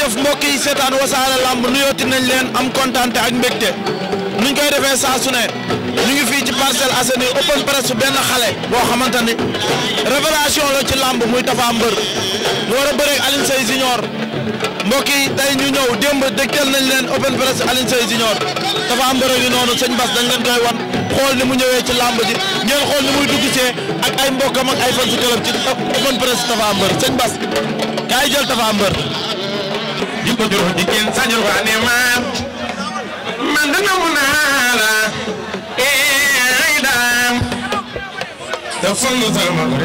jërëjëf mbokk yi seetaan wasaare lamb nuyooti nañ leen am kontaan ak mbégte nuñ koy defee saa su ne ñu ngi fii ci Parcelles Assainies open press benn xale boo xamante ni révélation la ci lamb muy Tapha Mbeur mu war a bëreeg Alioune Seye Junior yi tey ñu ñëw démb dégtal nañ leen open press Alioune Seye Junior Tapha Mbeur gi noonu sëñ Bass dañ leen koy wan xool ni mu ñëwee ci lamb ji ngeen xool ni muy dugg see ak ay mbokkam ak ay fan si club ci open press Tapha Mbeur sëñ Bass kaay jël Tapha Mbeur. ko jur jigéen sañul ko ne maat man dana mu naa la ee ay daam te fondu sama ko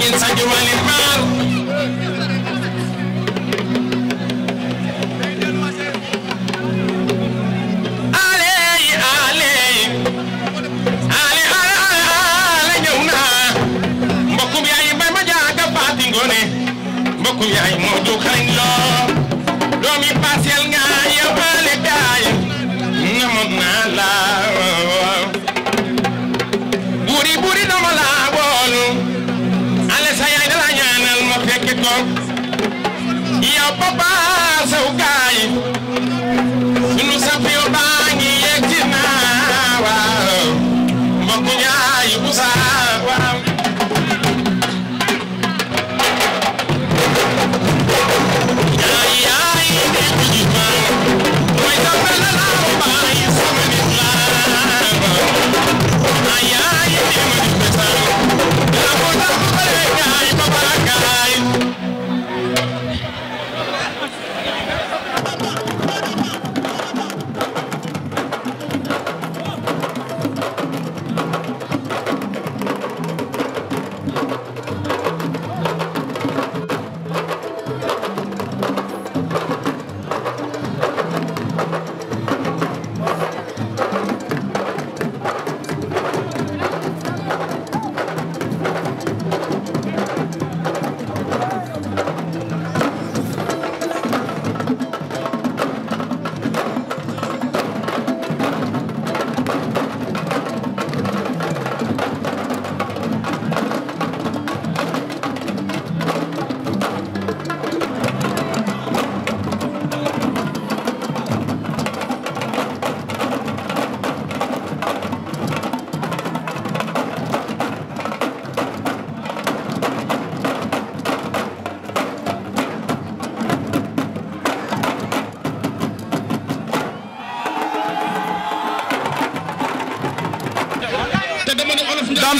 sajin saji walin maar aley aley ale ale ale ñëw naa mbokkum yaay bay ma jaaga faati ngone mbokkum yaay moo du xarañ loo yi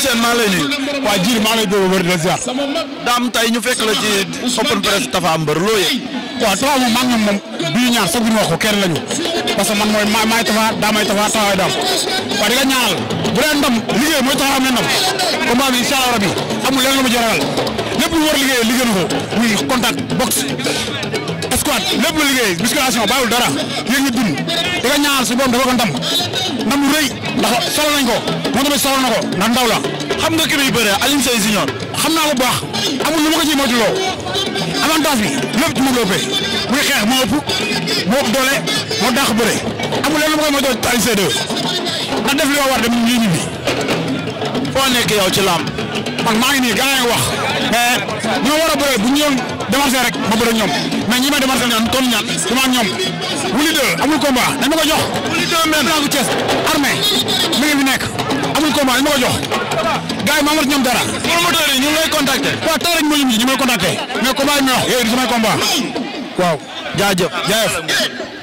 Sène maa ngi lay nuyu. waa Diir maa ngi lay déglu wër de ziar. daam tay ñu fekk la ci open press Tapha Mbeur loo yëg. waaw Tapha moom maa ngi moom bii ñaar sax bi ma wax ko kenn lañu parce que man mooy maa maay Tapha daa may Tapha di nga ñaanal bu dee ndam liggéey mooy tax am na ndam combat bi incha allah rabi amul leneen lu ma jaral lépp war a liggéey liggéey na ko muy contact box escouade lépp lu liggéey musculation bàyyiwul dara yéen ñu dund di nga ñaanal su dafa ko ndam ndam lu xam nga ki muy bëree Alioune Seye Junior xam naa ko bu baax amul na ma ko ciy moytuloo avantage bi lépp ci Modou Lô pay muy xeex moo ëpp moo ëpp doole moo dàq bëre amul lenn lu ma koy moytoo Alioune Seye def li ma war dem nii nii bi foo ci lamb man maa ngi nii wax mais eh, ñoo war a bëree bu ñu yoon démarché rek ma bëre ñoom mais ñi ma démarché ñaan kon ñaan dama ak ñoom Wouly 2 amul combat dañ ma ko jox Wouly 2 men armée mi ngi fi nekk amul combat dañ ma ko jox gars yi ma amat ñoom dara. promoteurs yi ñu ngi lay contacter. waaw tey rek ñu ngi ñu ngi may contacter. mais combat yi may wax yooyu du samay combat. Hmm. waaw jaajëf jaajëf.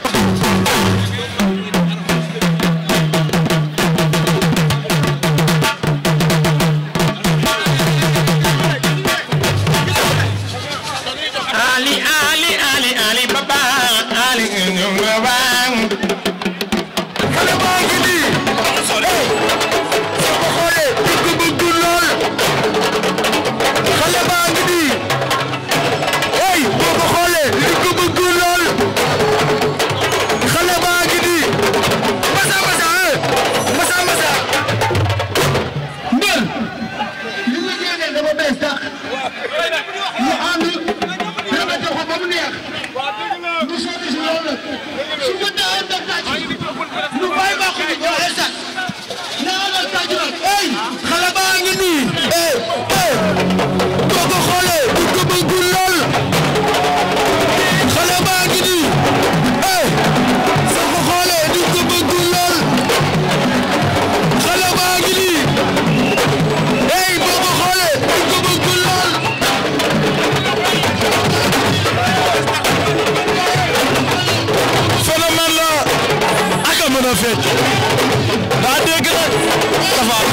feej daa dégg rek dafa am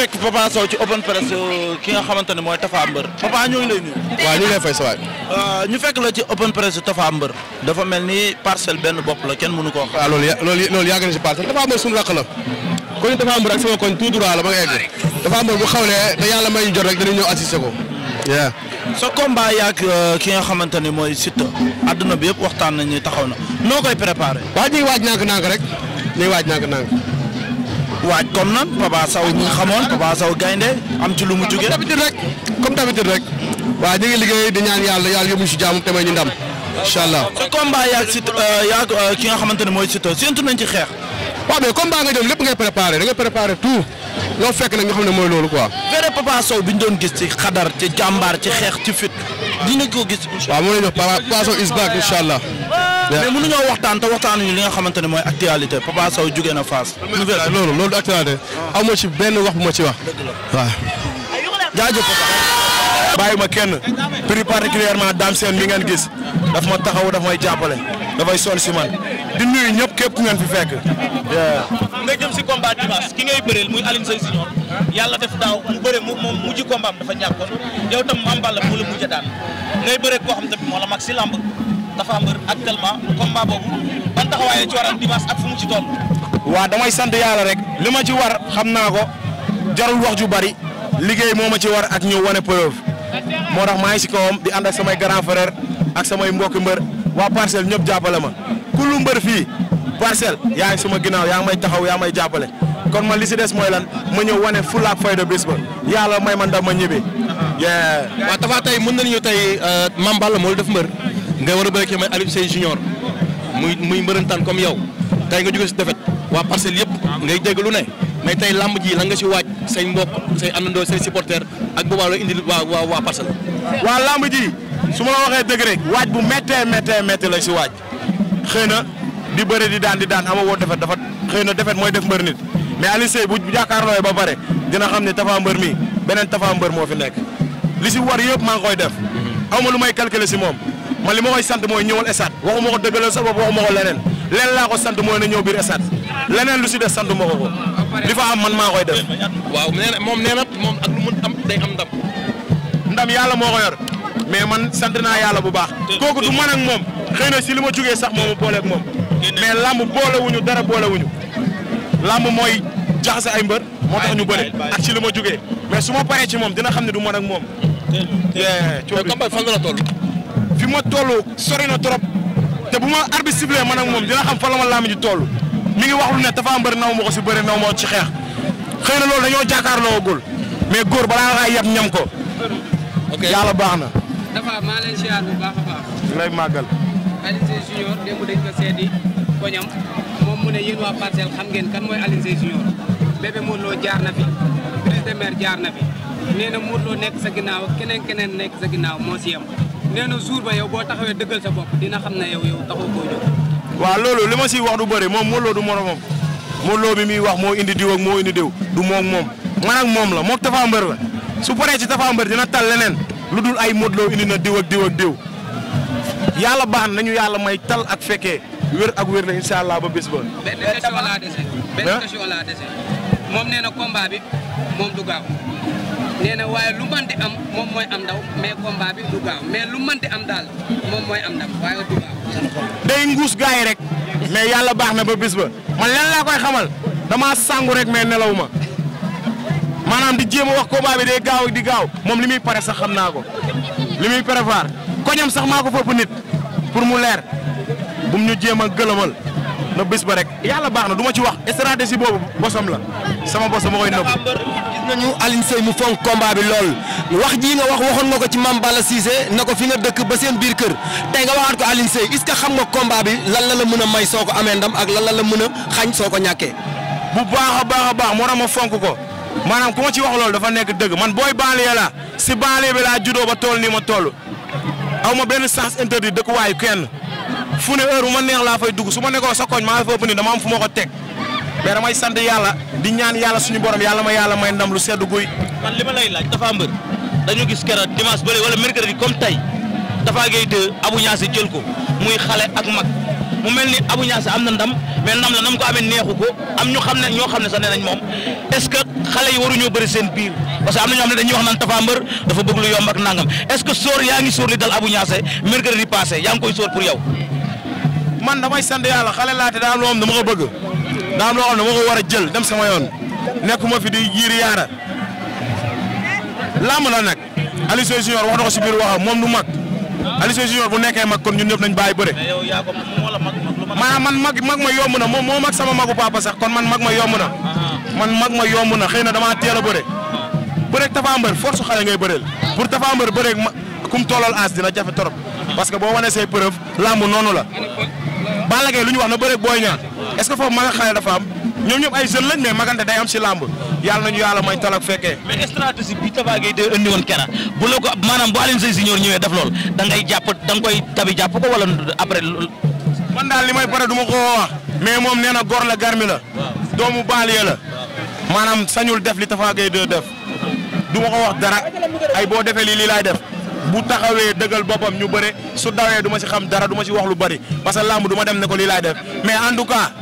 fekk Papa Sow ci open press euh, ki nga mooy Tafa Mbër Papa ñoo lay nuyu. waaw ñu ngi fay sa waay. Euh, ñu fekk la ci open press Tafa Mbër. dafa mel ni parcelle benn bopp la kenn mënu koo xam. waaw ah, loolu ya loolu loolu yàgg na si parcelle Tafa Mbër suñu rakk la. kon Tafa Mbër ak sama koñ tout la ba nga egg. Tafa Mbër bu xawlee te yàlla may jot rek danañ ñëw assister ko. waaw. sa combat yaag euh, ki nga xamante ne mooy Siteu. adduna bi yëpp waxtaan na nañu taxaw na noo koy préparé. waa ñuy waaj nànk-nànk rek ñuy waaj nànk-nànk waaj comme na Papa saw ñu xamoon Papa Sow gaynde am ci lu mu jugee. comme d'habitude rek comme d'habitude rek. waaw ñu ngi liggéey di ñaan yàlla yàlla yóbbu ñu si jàmm te may ñu ndam incha allah. sa combat yaag si euh, yaag euh, ki nga xamante ne mooy Siteu séntu nañ ci xeex. waaw mais combat nga jëm lépp ngay préparé da ngay préparé tout loo fekk nag nga xam ne mooy loolu ko vrai Papa Sow bi ñu doon gis ci xadar ci jàmbaar ci xeex ci fit dinañ ko gis. incha allah waaw moo lay jox Papa Sow is mais mënuñoo waxtaan te waxtaanuñu li nga xamante ne mooy actualité Papa Sow jugee na Fass. loolu loolu actualité. aw ah. ma ci benn wax bu ma ci wax. waaw. jaajëf Papa. bàyyi ma kenn plus particulièrement Dame Sène ngeen gis daf ma taxaw daf may jàppale dafay sonn si man di nuyu ñëpp képp ngeen fi fekk. nga jëm si combat dimanche ki ngay bëreel muy Alioune Seye Junior yàlla def daaw mu bëre mu moom mujj combat am dafa ñàkkoon yow tam mu bàll mu la mujj daan ngay si làmb Tapha Mbeur actuellement combat boobu ban taxawaay la ci war am dimanche ak fu mu ci toll. waa damay sant yàlla rek li ma ci war xam naa ko jarul wax ju bari liggéey moo ma ci war ak ñëw wane preuve moo tax maa ngi si kawam di ànd ak samay grand frère ak samay mbokki mbër waa parcelle ñëpp jàppale ma ku lu mbër fii parcelle yaa suma ginnaaw yaa ngi may taxaw yaa may jàppale kon ma li si des mooy lan ma ñëw wane fulla ak fayda bis ba yàlla may man dam ma ñibbi. Uh-huh. waaw Tapha tey mën tey euh, Mame Balla moo def mbër. ngay war a bëri ki may Alioune Seye junior muy muy mbërëntaan comme yow tey nga jóge si defet waa parcelle yëpp ngay dégg lu ne mais tey làmb jii la nga si waaj say mbokk say àndandoo say supporter ak boobaa loo indil waa waa waa parcelle waa làmb ji su ma la waxee dëgg rek waaj bu méttee méttee méttee la si waaj xëy na di bëri di daan di daan ama woo defet dafa xëy na defet mooy def mbër nit mais Alioune Seye bu jàkkaarloo ba pare dina xam ne Tapha Mbeur mi beneen Tapha Mbeur moo fi nekk li si war yëpp maa ngi koy def mhm. aw ma lu may calculer si moom man li ma koy sant mooy ñëwal stade waxuma ko dëggalal sa bopp waxuma ko leneen leneen laa ko sant mooy na ñëw biir stade leneen lu si def sant ma ko ko li fa am man maa koy def. waaw nee na moom nee na moom ak lu mën am day am ndam. ndam yàlla moo ko yor mais man sant naa yàlla bu baax. kooku du man ak moom xëy na si li ma jugee sax moomu booleeg moom. mais làmb boolewuñu dara boolewuñu. làmb mooy jaxase ay mbër. moo tax ñu bëri ak ci li ma jugee. mais su ma paree ci moom dina xam ne du man ak moom. te te te combat ma toll sori na trop te bu ma arbitre sifflé man ak moom dina xam fan la ma laam mi ngi wax lu ne Tapha Mbeur naw ma ko si bëri naw ma ci xeex xëy na loolu dañoo jàkkaarloo mais góor balaa nga ñam ko. ok yàlla baax na. Tapha maa leen siyaar bu baax a baax. lay màggal. Alioune Sèye Junior démb dañ ko seeti koñam moom mu ne yéen waa parcelle xam ngeen kan mooy Alioune Junior bébé Modou Lo jaar na fi brise de mer na fi na Modou nekk sa ginnaaw keneen keneen nekk sa ginnaaw moo si yem. nee na jour ba yow boo taxawee dëggal sa bopp dina xam ne yow yow taxaw koo jóg. waaw loolu li ma siy wax du bëri moom Modou du moromam mooloo Lo bi muy wax moo indi diw ak moo indi diw du moom moom man ak moom la moo Tapha Mbeur la su paree ci Tapha Mbeur dina tal leneen lu dul ay Modou indi na diw ak diw ak diw yàlla baax nañu yàlla may tal ak fekkee wér ak wér la incha ba bés ba. benn question laa dese. benn moom nee na bi moom du nee na waaye lu manti am moom mooy am ndaw mais combat bi du gaaw mais lu manti am daal moom mooy am ndaw waaye du day nguus gars rek mais yàlla baax na ba bis ba man lan laa koy xamal dama sangu rek mais nelaw ma maanaam di jéem a wax combat bi day gaaw di gaaw moom li muy pare sax xam naa ko li muy prévoir koñam sax maa ko fopp nit pour mu leer bum ñu jéem a gëlëmal. na bis ba rek yàlla baax na du ci wax stratégie boobu bosam la sama bosam ma koy nëbb. gis nañu mu fonk combat lool wax jii nga wax waxoon nga ko ci Mame bala Cissé na ko fi nga dëkk ba seen biir kër te nga waxaat ko Alioune Seye est que xam nga combat bi lan la la mën a may soo ko amee ndam ak lan la la mën a xañ soo ko ñàkkee. bu baax a baax a baax moo tax ma fonk ko maanaam ku ma ci wax loolu dafa nekk dëgg man booy banlieue la si banlieue bi laa juddoo ba tool nii ma toll aw ma benn sens interdit dëkkuwaayu kenn. fu ne heure bu ma neex laa fay dugg su ma nekkoon sa koñ maa ngi fa ëpp ni dama am fu ma ko teg mais damay sant yàlla di ñaan yàlla suñu borom yàlla ma yàlla may ndam lu sedd guy. man li ma lay laaj dafa mbër dañu gis keroog dimanche bële wala mercredi comme tey dafa gay de Abou Niasse jël ko muy xale ak mag mu mel ni Abou Niasse am na ndam mais ndam la na mu ko amee neexu ko am ñu xam ne ñoo xam ne sax nee nañ moom est ce que xale yi waruñoo bëri seen biir parce que am na ñoo xam ne dañuy wax naan Tapha Mbeur dafa bëgg lu yow. man damay sant yàlla xale laa te daa am loo ko bëgg daa am loo xam ko war a jël dem sama yoon nekkuma fi di jiir yaara làmb la nag Aliou Sow wax na ko si biir waxam moom du mag Aliou Sow bu nekkee mag kon ñun ñëpp nañ bàyyi bëre. maa man mag mag ma yomb na moom moo mag sama magu papa sax kon man mag ma yomb na. Ah. man mag ma yomb na xëy na damaa teel a bëre. bëreeg Tapha Mbeur force xale ngay bëreel pour Tapha Mbeur bëreeg ma ku mu tollal aas dina jafe torop parce que boo wane say preuve làmb noonu la. Balla Gaye lu ñu wax na bëre booy Niang est-ce que foofu ma dafa am ñoom ñëpp ay jeunes lañ mais magante day am si làmb yàlla nañu yàlla may talak fekkee mais stratégie bi Tapha Gueye de indi woon kera bu la ko maanaam bu Alioune Sèye Junior ñëwee def lool da ngay jàpp da nga koy tabi jàpp ko wala après man daal li may pare du ma ko wax mais moom nee na góor la garmi la doomu baaliye la maanaam sañul def li Tapha Gueye de def du ma ko wax dara ay boo defee lii lii laay def bu taxawee dëggal boppam ñu bëre su dawee duma ci xam dara duma ci wax lu bari parce que làmb duma dem ne ko lii laay def mais en tout cas.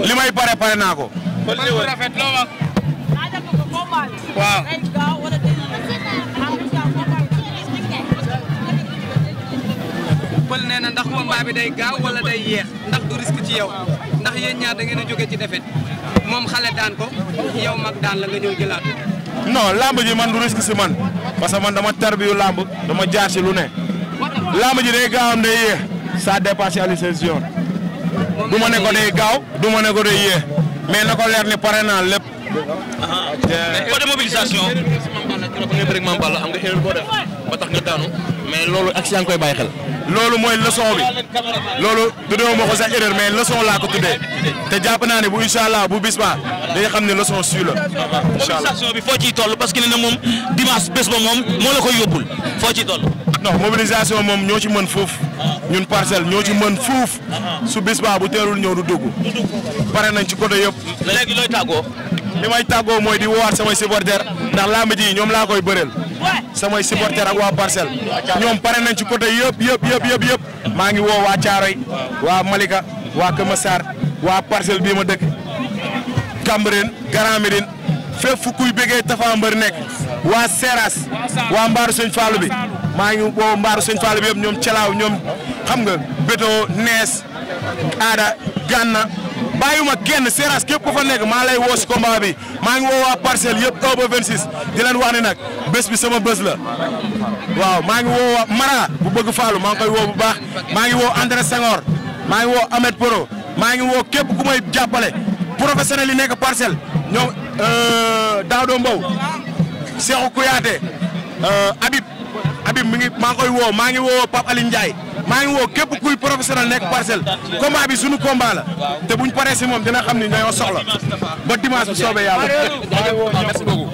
li may pare pare naa ko. rafet loo wax. waaw. pël nee na ndax combat bi day gaaw wala day yeex ndax du risque ci yow ndax yéen ñaar da ngeen a jóge ci defet moom xale daan ko yow mag daan la nga ñëw jëlaat non lamb ji man du risque si man parce que man dama tarbiyu lamb dama jaar si lu ne lamb ji day gaaw am day yéex ça dépasse Alioune Sèye du ma ne ko day gaaw du ma ne ko day yéex mais na ko leer ni pare naa lépp. Ah, côté mobilisation. nga am nga ba tax nga daanu. mais loolu ak si yaa ngi koy bàyyi xel. loolu mooy leçon bi loolu tuddee ma ko sax erreur mais leçon laa ko tuddee te jàpp naa ne bu incha allah bu bis ba xam ne leçon su la. incha allah mobilisation bi foo ciy toll parce que nee na moom dimanche bés ba moom moo la koy yóbbul foo ciy toll. non moom ñoo ci mën fuuf ñun parcelle ñoo ci mën fuuf su bis ba bu teelul ñëw du dugg pare nañ ci côté yëpp. léegi looy tàggoo. li may tàggoo mooy di woowaat samay supporters ndax làmb ji ñoom laa koy bëreel. samay supporter ak waa parcelle ñoom pare nañ ci côté yëpp yëpp yëpp yëpp yëpp maa ngi woo waa Thiaroy waa Malika waa Kër Massar waa parcelle bii ma dëkk Cambérène Grand Médine fépp fu kuy bëggee Tapha nekk waa Seras waa Mbaaru Sëñ Fallu bi maa ngi woo Mbaaru Sëñ Fallu yëpp ñoom Calaaw ñoom xam nga Beto Nees Aada Ganna baa yu bàyyiwuma kenn Seras képp ko fa nekk maa lay woo si combat bi maa ngi woo waa parcelle yëpp 1 ba 26 di leen wax nag bés bi sama bés la waaw maa ngi woo waa bu bëgg Fallou maa ngi koy bu baax maa ngi woo André Senghor maa ngi woo Ahmed Poro maa ngi woo képp ku may jàppale professionnel yi nekk parcelle ñoom euh, Daoudo Mbow Cheikhou Kouyaté euh, Habib mi ngi maa ngi koy woo maa ngi woo Pape Ndiaye. maa ngi woo képp kuy professionnel nekk parcelle combat bi sunu combat la te buñ paree moom dina xam ni dañoo soxla ba dimanche bu soobee yàlla merci beaucoup